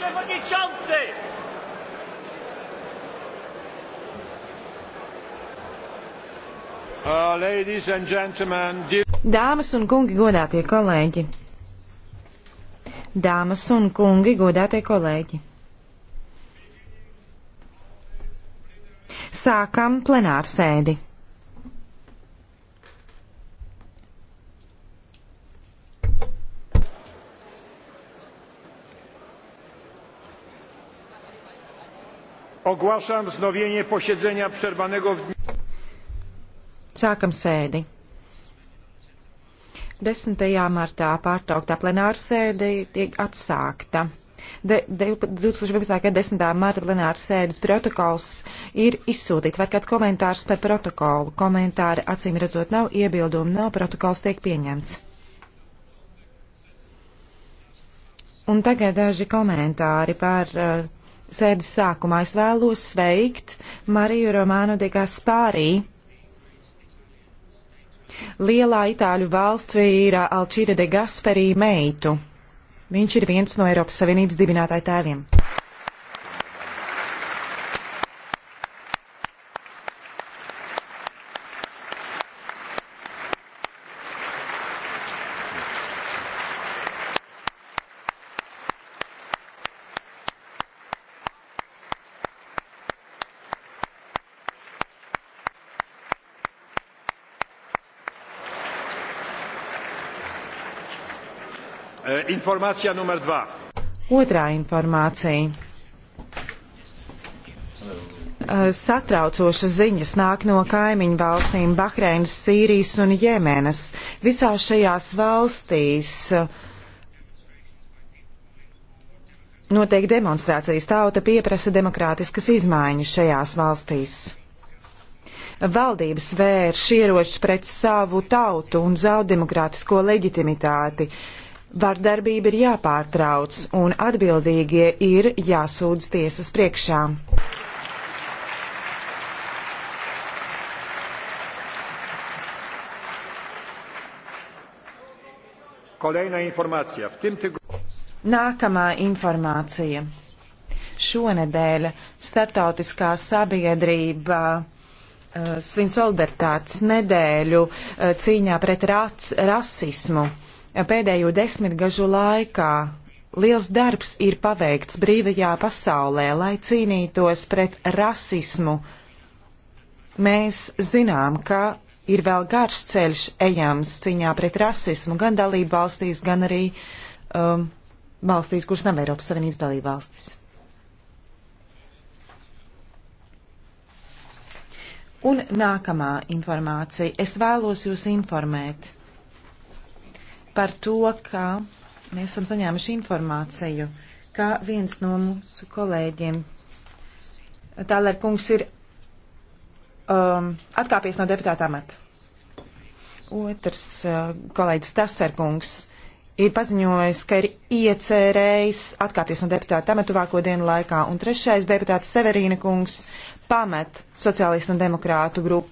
przewodniczący! Uh, Dāmas un kungi, godātie kolēģi! Dāmas un kungi, godātie kolēģi! Sākam plenārsēdi! Ogłaszam wznowienie posiedzenia przerwanego w dniu. Sākam sēdi. 10. martā pārtrauktā plenāra sēde tiek atsākta. De, de, 2011. gada 10. marta plenāra sēdes protokols ir izsūtīts. Vai kāds komentārs par protokolu? Komentāri acīm redzot nav, iebildumu nav, protokols tiek pieņemts. Un tagad daži komentāri par uh, sēdes sākumā es vēlos sveikt Mariju Romānu de Gaspārī. Lielā itāļu valsts vīra Alčīra de Gasperī meitu. Viņš ir viens no Eiropas Savienības dibinātāju tēviem. Informācija e, numur 2. Otrā informācija. E, Satraucošas ziņas nāk no kaimiņu valstīm Bahreinas, Sīrijas un Jemenas. Visās šajās valstīs e, notiek demonstrācijas. Tauta pieprasa demokrātiskas izmaiņas šajās valstīs. Valdības vērš ieročus pret savu tautu un zaud demokrātisko leģitimitāti. Uh, Vardarbība ir jāpārtrauc, un atbildīgie ir jāsūdz tiesas priekšā. Nākamā informācija. Šonedēļ starptautiskā sabiedrība eh, svin solidaritātes nedēļu eh, cīņā pret rats, rasismu pēdējo desmitgažu laikā. Liels darbs ir paveikts brīvajā pasaulē, lai cīnītos pret rasismu. Mēs zinām, ka ir vēl garš ceļš ejams cīņā pret rasismu gan dalību valstīs, gan arī um, valstīs, kuras nav Eiropas Savienības dalību valstis. Un nākamā informācija. Es vēlos jūs informēt par to, ka mēs esam saņēmuši informāciju, ka viens no mūsu kolēģiem, Tālēr kungs, ir um, atkāpies no deputāta amata. Otrs uh, kolēģis Taserkungs ir paziņojis, ka ir iecerējis atkāpties no deputāta amata tuvāko dienu laikā. Un trešais deputāts Severīna kungs pamet sociālistu un demokrātu grupu.